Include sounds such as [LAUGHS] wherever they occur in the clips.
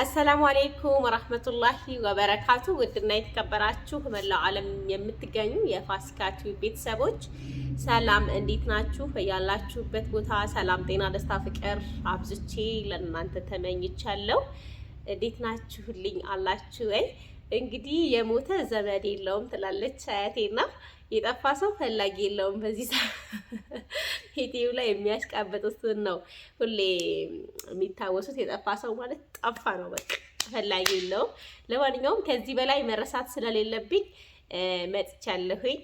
አሰላሙ አሌይኩም ወረህመቱላሂ ወበረካቱ። ውድና የተከበራችሁ በመላው ዓለም የምትገኙ የፋሲካ ቲዩብ ቤተሰቦች ሰላም፣ እንዴት ናችሁ? ያላችሁበት ቦታ ሰላም፣ ጤና፣ ደስታ፣ ፍቅር አብዝቼ ለእናንተ ተመኝቻለሁ። እንዴት ናችሁልኝ? አላችሁ ወይ? እንግዲህ የሞተ ዘመድ የለውም ትላለች አያቴና የጠፋ ሰው ፈላጊ የለውም። በዚህ ዩቲዩብ [LAUGHS] ላይ የሚያሽቃበጡትን ነው ሁሌ የሚታወሱት። የጠፋ ሰው ማለት ጠፋ ነው፣ በቃ ፈላጊ የለውም። ለማንኛውም ከዚህ በላይ መረሳት ስለሌለብኝ መጥቻለሁኝ።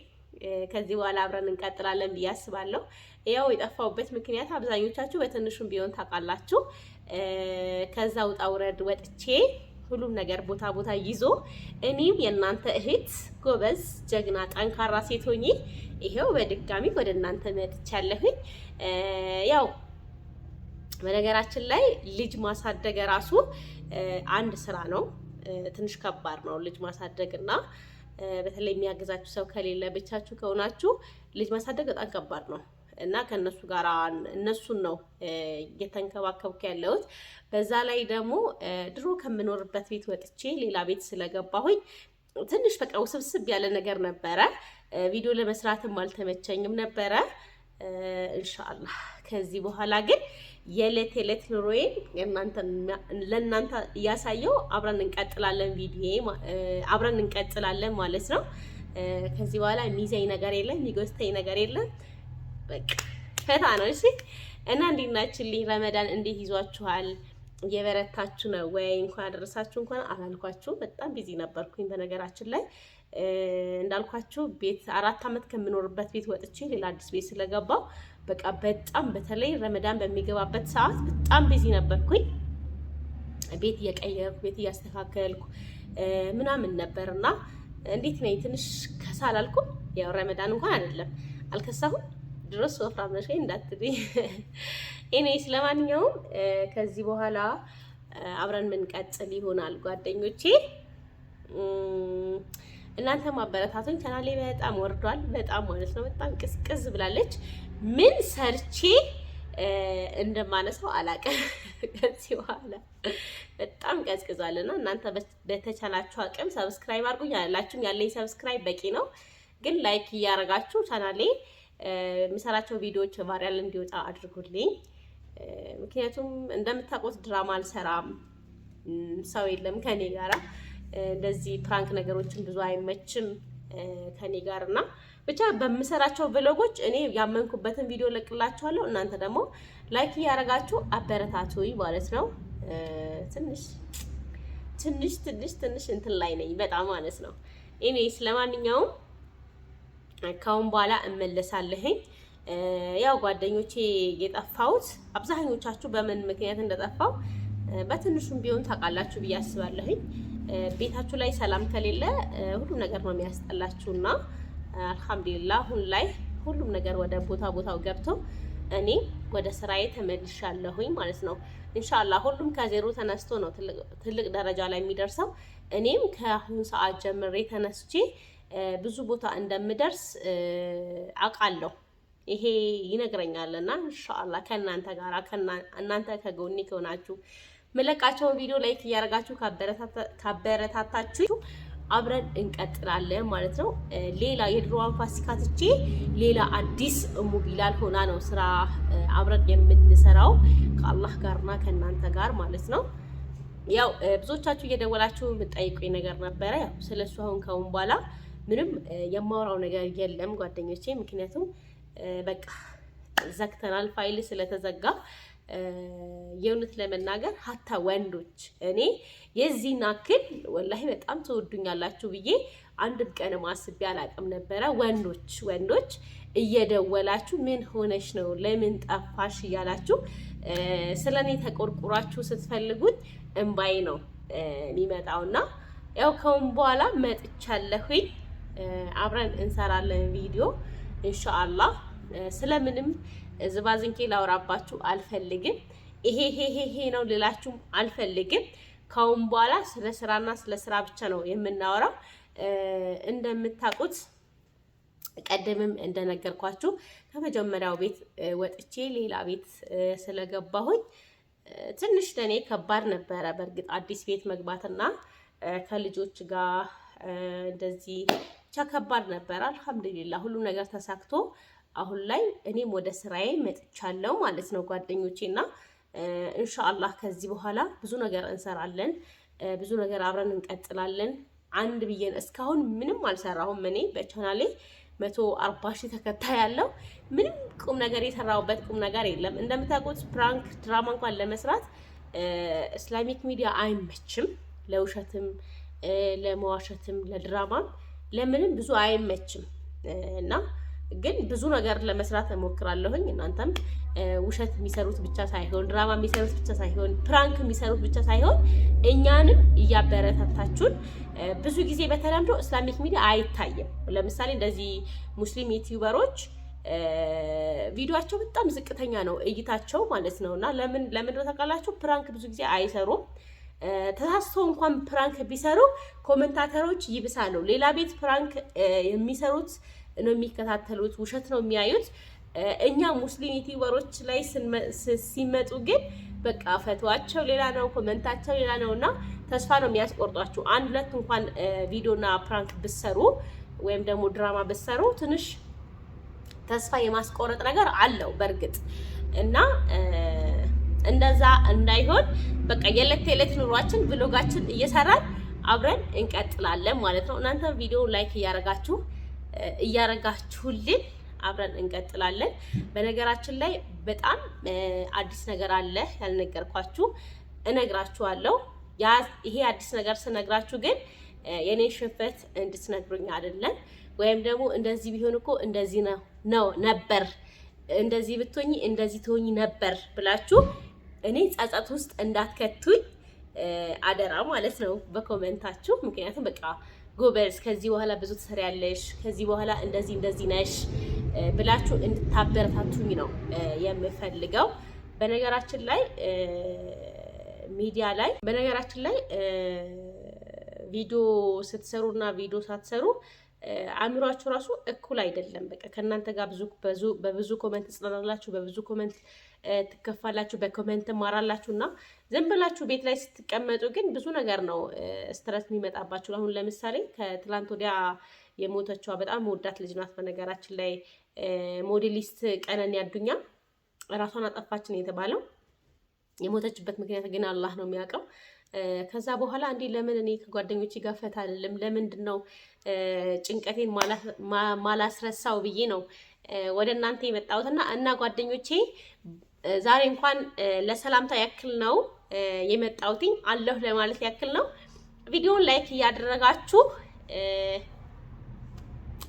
ከዚህ በኋላ አብረን እንቀጥላለን ብዬ አስባለሁ። ያው የጠፋውበት ምክንያት አብዛኞቻችሁ በትንሹም ቢሆን ታውቃላችሁ። ከዛ ውጣ ውረድ ወጥቼ ሁሉም ነገር ቦታ ቦታ ይዞ እኔም የእናንተ እህት ጎበዝ፣ ጀግና፣ ጠንካራ ሴት ሆኜ ይሄው በድጋሚ ወደ እናንተ መጥቻለሁኝ። ያው በነገራችን ላይ ልጅ ማሳደግ ራሱ አንድ ስራ ነው። ትንሽ ከባድ ነው ልጅ ማሳደግ እና በተለይ የሚያግዛችሁ ሰው ከሌለ ብቻችሁ ከሆናችሁ ልጅ ማሳደግ በጣም ከባድ ነው። እና ከእነሱ ጋር እነሱን ነው እየተንከባከብኩ ያለሁት። በዛ ላይ ደግሞ ድሮ ከምኖርበት ቤት ወጥቼ ሌላ ቤት ስለገባሁኝ ትንሽ በቃ ውስብስብ ያለ ነገር ነበረ። ቪዲዮ ለመስራትም አልተመቸኝም ነበረ። ኢንሻአላህ ከዚህ በኋላ ግን የዕለት የዕለት ኑሮዬን ለእናንተ እያሳየው አብረን እንቀጥላለን። ቪዲዮ አብረን እንቀጥላለን ማለት ነው። ከዚህ በኋላ የሚይዘኝ ነገር የለም፣ የሚገዝተኝ ነገር የለም። በቃ ፈታ ነው። እሺ እና እንዴት ናችሁልኝ? ረመዳን እንዴት ይዟችኋል? የበረታችሁ ነው ወይ? እንኳን አደረሳችሁ። እንኳን አላልኳችሁ፣ በጣም ቢዚ ነበርኩኝ። በነገራችን ላይ እንዳልኳችሁ ቤት አራት አመት ከምኖርበት ቤት ወጥቼ ሌላ አዲስ ቤት ስለገባው በቃ በጣም በተለይ ረመዳን በሚገባበት ሰዓት በጣም ቢዚ ነበርኩኝ። ቤት እየቀየርኩ ቤት እያስተካከልኩ ምናምን ነበርና እንዴት ነኝ? ትንሽ ከሳ አላልኩም። ያው ረመዳን እንኳን አይደለም አልከሳሁም ድረስ ወፍራ መሸ እንዳትብኝ። እኔ ስለማንኛውም ከዚህ በኋላ አብረን ምንቀጥል ይሆናል ጓደኞቼ። እናንተ ማበረታቱኝ። ቻናሌ በጣም ወርዷል፣ በጣም ማለት ነው። በጣም ቅዝቅዝ ብላለች። ምን ሰርቼ እንደማነሳው አላውቅም። [LAUGHS] ከዚህ በኋላ በጣም ቀዝቅዟልና እናንተ በተቻላችሁ አቅም ሰብስክራይብ አድርጉኝ። ያላችሁም ያለኝ ሰብስክራይብ በቂ ነው፣ ግን ላይክ እያደረጋችሁ ቻናሌ የምሰራቸው ቪዲዮዎች ቫይራል እንዲወጣ አድርጉልኝ። ምክንያቱም እንደምታውቁት ድራማ አልሰራም፣ ሰው የለም ከኔ ጋራ እንደዚህ ፕራንክ ነገሮችን ብዙ አይመችም ከኔ ጋር እና ብቻ በምሰራቸው ብሎጎች እኔ ያመንኩበትን ቪዲዮ ለቅላችኋለሁ። እናንተ ደግሞ ላይክ እያደረጋችሁ አበረታቱኝ ማለት ነው። ትንሽ ትንሽ ትንሽ ትንሽ እንትን ላይ ነኝ በጣም ማለት ነው። እኔ ስለማንኛውም ካሁን በኋላ እመለሳለሁኝ። ያው ጓደኞቼ የጠፋሁት አብዛኞቻችሁ በምን ምክንያት እንደጠፋው በትንሹም ቢሆን ታውቃላችሁ ብዬ አስባለሁኝ። ቤታችሁ ላይ ሰላም ከሌለ ሁሉም ነገር ነው የሚያስጠላችሁና አልሐምዱሊላ አሁን ላይ ሁሉም ነገር ወደ ቦታ ቦታው ገብቶ እኔ ወደ ስራዬ ተመልሻለሁኝ ማለት ነው። እንሻላ ሁሉም ከዜሮ ተነስቶ ነው ትልቅ ደረጃ ላይ የሚደርሰው። እኔም ከአሁን ሰዓት ጀምሬ ተነስቼ ብዙ ቦታ እንደምደርስ አውቃለሁ። ይሄ ይነግረኛል እና እንሻላ ከእናንተ ጋር እናንተ ከጎኔ ከሆናችሁ መለቃቸውን ቪዲዮ ላይክ እያደረጋችሁ ካበረታታችሁ አብረን እንቀጥላለን ማለት ነው። ሌላ የድሮዋን ፋሲካ ትቼ ሌላ አዲስ ሙቢላል ቢላል ሆና ነው ስራ አብረን የምንሰራው ከአላህ ጋርና ከእናንተ ጋር ማለት ነው። ያው ብዙዎቻችሁ እየደወላችሁ የምጠይቁኝ ነገር ነበረ። ያው ስለሱ አሁን ከአሁን በኋላ ምንም የማወራው ነገር የለም ጓደኞቼ። ምክንያቱም በቃ ዘግተናል፣ ፋይል ስለተዘጋ የእውነት ለመናገር ሀታ ወንዶች እኔ የዚህን አክል ወላሂ በጣም ትወዱኛላችሁ ብዬ አንድም ቀን ማስቤ አላቅም ነበረ። ወንዶች ወንዶች እየደወላችሁ ምን ሆነሽ ነው ለምን ጠፋሽ እያላችሁ ስለ እኔ ተቆርቁራችሁ ስትፈልጉት እምባዬ ነው የሚመጣውና ያው ከውን በኋላ መጥቻለሁኝ። አብረን እንሰራለን ቪዲዮ ኢንሻአላህ። ስለምንም ዝባዝንኬ ላውራባችሁ አልፈልግም። ይሄ ሄሄሄ ነው ልላችሁም አልፈልግም። ካሁን በኋላ ስለ ስራና ስለ ስራ ብቻ ነው የምናወራው። እንደምታውቁት ቀደምም እንደነገርኳችሁ ከመጀመሪያው ቤት ወጥቼ ሌላ ቤት ስለገባሁኝ ትንሽ ለእኔ ከባድ ነበረ። በእርግጥ አዲስ ቤት መግባትና ከልጆች ጋር እንደዚህ ብቻ ከባድ ነበር። አልሐምዱሊላ ሁሉ ነገር ተሳክቶ አሁን ላይ እኔም ወደ ስራዬ መጥቻለሁ ማለት ነው ጓደኞቼ እና እንሻአላህ ከዚህ በኋላ ብዙ ነገር እንሰራለን፣ ብዙ ነገር አብረን እንቀጥላለን። አንድ ብዬን እስካሁን ምንም አልሰራሁም። እኔ በቻናሌ መቶ አርባ ሺህ ተከታይ ያለው ምንም ቁም ነገር የሰራሁበት ቁም ነገር የለም። እንደምታውቁት ፕራንክ ድራማ እንኳን ለመስራት እስላሚክ ሚዲያ አይመችም፣ ለውሸትም፣ ለመዋሸትም፣ ለድራማም ለምንም ብዙ አይመችም እና ግን ብዙ ነገር ለመስራት እሞክራለሁኝ። እናንተም ውሸት የሚሰሩት ብቻ ሳይሆን ድራማ የሚሰሩት ብቻ ሳይሆን ፕራንክ የሚሰሩት ብቻ ሳይሆን እኛንም እያበረታታችሁን። ብዙ ጊዜ በተለምዶ እስላሚክ ሚዲያ አይታይም። ለምሳሌ እንደዚህ ሙስሊም ዩቲዩበሮች ቪዲዮቸው በጣም ዝቅተኛ ነው እይታቸው ማለት ነው እና ለምን ለምን ታውቃላችሁ? ፕራንክ ብዙ ጊዜ አይሰሩም። ተሳስቶ እንኳን ፕራንክ ቢሰሩ ኮመንታተሮች ይብሳሉ። ሌላ ቤት ፕራንክ የሚሰሩት ነው የሚከታተሉት፣ ውሸት ነው የሚያዩት። እኛ ሙስሊም ዩቲዩበሮች ላይ ሲመጡ ግን በቃ ፈቷቸው ሌላ ነው፣ ኮመንታቸው ሌላ ነው እና ተስፋ ነው የሚያስቆርጧችሁ። አንድ ሁለት እንኳን ቪዲዮና ፕራንክ ብሰሩ ወይም ደግሞ ድራማ ብሰሩ ትንሽ ተስፋ የማስቆረጥ ነገር አለው በእርግጥ እና እንደዛ እንዳይሆን በቃ የዕለት ተዕለት ኑሯችን ብሎጋችን እየሰራን አብረን እንቀጥላለን ማለት ነው። እናንተ ቪዲዮ ላይክ እያረጋችሁ እያረጋችሁልን አብረን እንቀጥላለን። በነገራችን ላይ በጣም አዲስ ነገር አለ ያልነገርኳችሁ፣ እነግራችኋለሁ። ይሄ አዲስ ነገር ስነግራችሁ ግን የኔ ሽንፈት እንድትነግሩኝ አይደለም። ወይም ደግሞ እንደዚህ ቢሆን እኮ እንደዚህ ነው ነው ነበር እንደዚህ ብትሆኝ እንደዚህ ትሆኝ ነበር ብላችሁ እኔ ጸጸት ውስጥ እንዳትከቱኝ አደራ ማለት ነው በኮመንታችሁ። ምክንያቱም በቃ ጎበዝ፣ ከዚህ በኋላ ብዙ ትሰሪያለሽ፣ ከዚህ በኋላ እንደዚህ እንደዚህ ነሽ ብላችሁ እንድታበረታቱኝ ነው የምፈልገው። በነገራችን ላይ ሚዲያ ላይ በነገራችን ላይ ቪዲዮ ስትሰሩ እና ቪዲዮ ሳትሰሩ አእምሯችሁ ራሱ እኩል አይደለም። በቃ ከእናንተ ጋር ብዙ በብዙ ኮመንት ትጽናናላችሁ፣ በብዙ ኮመንት ትከፋላችሁ፣ በኮመንት ማራላችሁ እና ዝም ብላችሁ ቤት ላይ ስትቀመጡ ግን ብዙ ነገር ነው ስትረስ የሚመጣባችሁ። አሁን ለምሳሌ ከትላንት ወዲያ የሞተችዋ በጣም ወዳት ልጅ ናት። በነገራችን ላይ ሞዴሊስት ቀነኒ አዱኛ ራሷን አጠፋችን የተባለው የሞተችበት ምክንያት ግን አላህ ነው የሚያውቀው። ከዛ በኋላ እንዲህ ለምን እኔ ከጓደኞቼ ጋር ፈታ አይደለም ለምንድን ነው ጭንቀቴን ማላስረሳው ብዬ ነው ወደ እናንተ የመጣሁትና እና ጓደኞቼ ዛሬ እንኳን ለሰላምታ ያክል ነው የመጣሁትኝ አለሁ ለማለት ያክል ነው። ቪዲዮውን ላይክ እያደረጋችሁ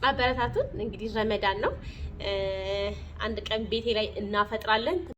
አበረታቱን። እንግዲህ ረመዳን ነው። አንድ ቀን ቤቴ ላይ እናፈጥራለን።